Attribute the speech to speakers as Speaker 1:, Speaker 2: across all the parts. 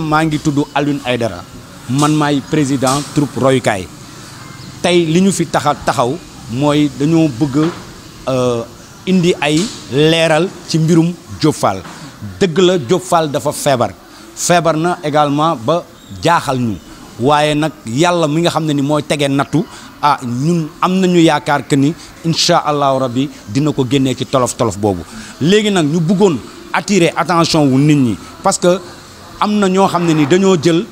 Speaker 1: maa ngi tudd ay dara man maay président troupe royukaay tey li ñu fi taxa taxaw mooy dañoo bëgg euh, indi ay leeral ci mbirum Diop dëgg la Diop Fall dafa feebar feebar na également ba jaaxal ñu waaye nag yàlla mi nga xam ne ni mooy tege nattu ah ñun am nañu yaakaar que ni incha allahu rabbi dina ko génnee ci tolof tolof boobu léegi nag ñu bëggoon attirer attention wu nit ñi parce am avons ñoo gel Nous ni dañoo jël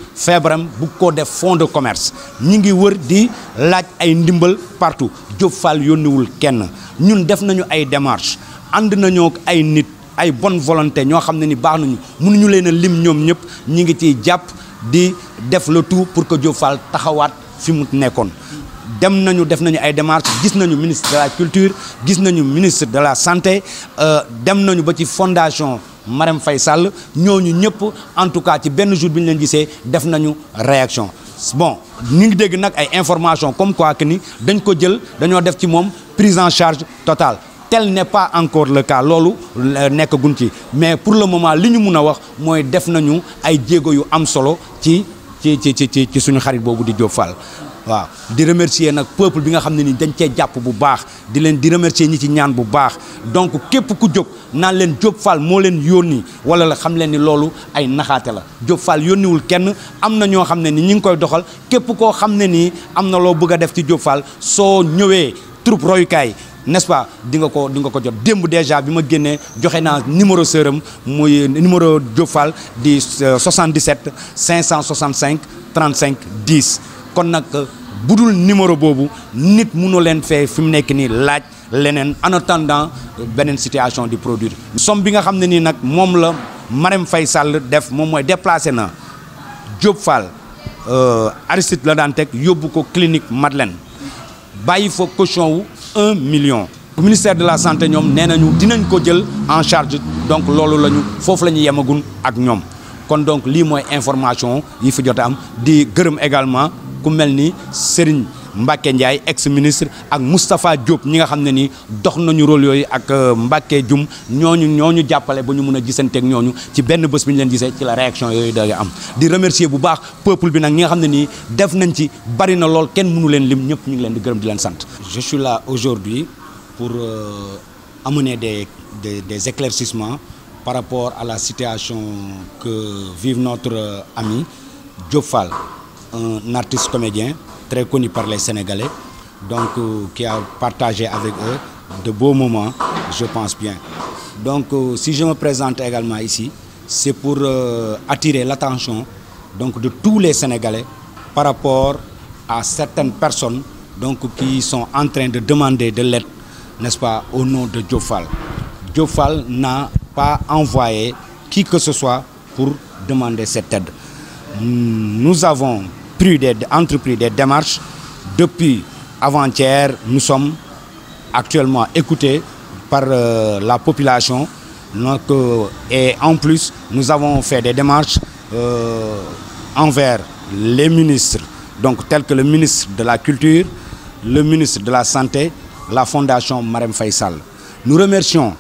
Speaker 1: bu ko def fonds de commerce ñi ngi wër di laaj ay ndimbal partout Nous Fall wul kenn ñun def nañu ay démarches ay nit ay bonne volonté ñoo xamné ni baax nañu mënu ñu leena lim ñi ngi di def le tout pour que des Fall taxawaat fi mu des dem nañu def nañu ay démarches gis nañu ministre de la culture gis nañu ministre de la santé euh, dem nañu ba fondation. Marème Faye Sall ñooñu ñëpp en tout cas ci benn jour bi ñu leen gisee def nañu réaction bon ñu ngi dégg nag ay information comme quoi que ni dañ ko jël dañoo def ci moom prise en charge totale tel n'est pas encore le cas loolu euh, nekk gun mais pour le moment li ñu mun a wax mooy def nañu ay jéego yu am solo ci ci ci ci ci suñu xarit boobu di Diop Fall waaw di remercier nag peuple bi nga xam ne ni dañ cee jàpp bu baax di leen di remercier ñi ci ñaan bu baax donc képp ku jóg naa leen Diop Fall moo leen yónni wala la xam leen ni loolu ay naxaate la Diop Fall yónniwul kenn am na ñoo xam ne ni ñi ngi koy doxal képp koo xam ne nii am na loo bëgg a def ci Diop Fall soo ñëwee troupe royukaay n'est-ce pas di nga ko di nga ko jot démb déjà bi ma génnee joxe naa numéro sëram muy numéro Diop Fall di 77 565 35 10 kon nak budul numéro bobu nit mënu len fé fim nek ni nii laaj en attendant benen situation di produire. somme bi nga xamné ni n'ak, mom la Marème Faye def moom mooy na Diop Fall euh, Aristide la daan teg ko clinique Madeleine bàyyi fo caution wu un million. Le ministère de la santé ñom nénañu dinañ ko jël en charge donc lolu lañu ñu lañu yamagun ak ñom kon donc li moy information yi fi jot am di gërëm également ku mel Serigne Mbacke Ndiaye ex ministre ak Mustapha Diop ñi nga xamné ni dox nañu rôle yooyu ak euh, Mbake Djum ñoñu ñoñu jappalé bu ñu mëna a ak ñoñu ci benn bëss biñu leen gisé ci la réaction da nga am di remercier bu baax peuple bi nak ñi nga xamné ni def nañ ci bari na lool kenn mënu leen lim ñëpp ñu ngi leen di gërëm di leen sante Je suis là aujourd'hui pour euh, amener des, des des éclaircissements par rapport à la situation que vive notre euh, ami Diop Fall un artiste comédien très connu par les Sénégalais, donc euh, qui a partagé avec eux de beaux moments, je pense bien. Donc euh, si je me présente également ici, c'est pour euh, attirer l'attention donc de tous les Sénégalais par rapport à certaines personnes donc qui sont en train de demander de l'aide, n'est-ce pas, au nom de Diofal. Diofal n'a pas envoyé qui que ce soit pour demander cette aide. Nous avons pris des, entrepris des démarches. Depuis avant-hier, nous sommes actuellement écoutés par euh, la population. Euh, et en plus, nous avons fait des démarches euh, envers les ministres, donc tels que le ministre de la Culture, le ministre de la Santé, la Fondation Marem Faisal. Nous remercions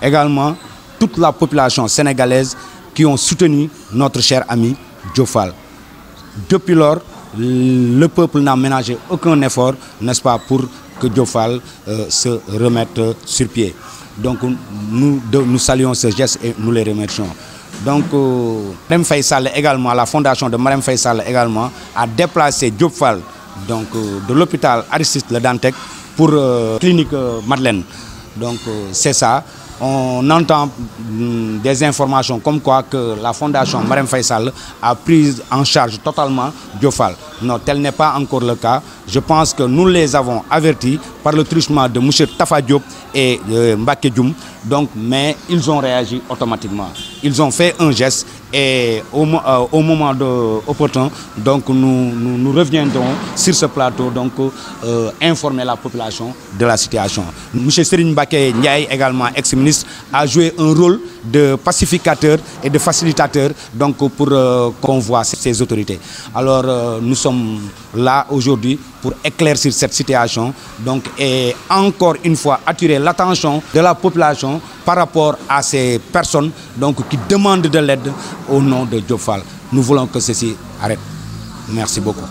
Speaker 1: également toute la population sénégalaise qui ont soutenu notre cher ami Diofal. Depuis lors, le peuple n'a ménagé aucun effort, n'est-ce pas, pour que Diofal euh, se remette sur pied. Donc nous, saluons ce geste et nous les remercions. Donc, euh, la fondation de Mme Faisal également, a déplacé Diop euh, de l'hôpital Aristide Le Dantec pour la clinique Madeleine. Donc euh, c'est ça. On entend mm, des informations comme quoi que la fondation Marem Faisal a pris en charge totalement Diofal. Non, tel n'est pas encore le cas. Je pense que nous les avons avertis par le truchement de M. Tafadio et euh, Mbaké Donc, mais ils ont réagi automatiquement. Ils ont fait un geste et euh, au, moment de, opportun, donc nous, nous, reviendrons sur ce plateau donc euh, informer la population de la situation. M. Serine Baké Ndiaye, également ex-ministre, a joué un rôle de pacificateur et de facilitateur donc pour euh, qu'on voit ces autorités. Alors nous sommes là aujourd'hui pour éclaircir cette situation donc, et encore une fois attirer l'attention de la population par rapport à ces personnes donc, qui demandent de l'aide au nom de Jofal, Nous voulons que ceci arrête. Merci beaucoup.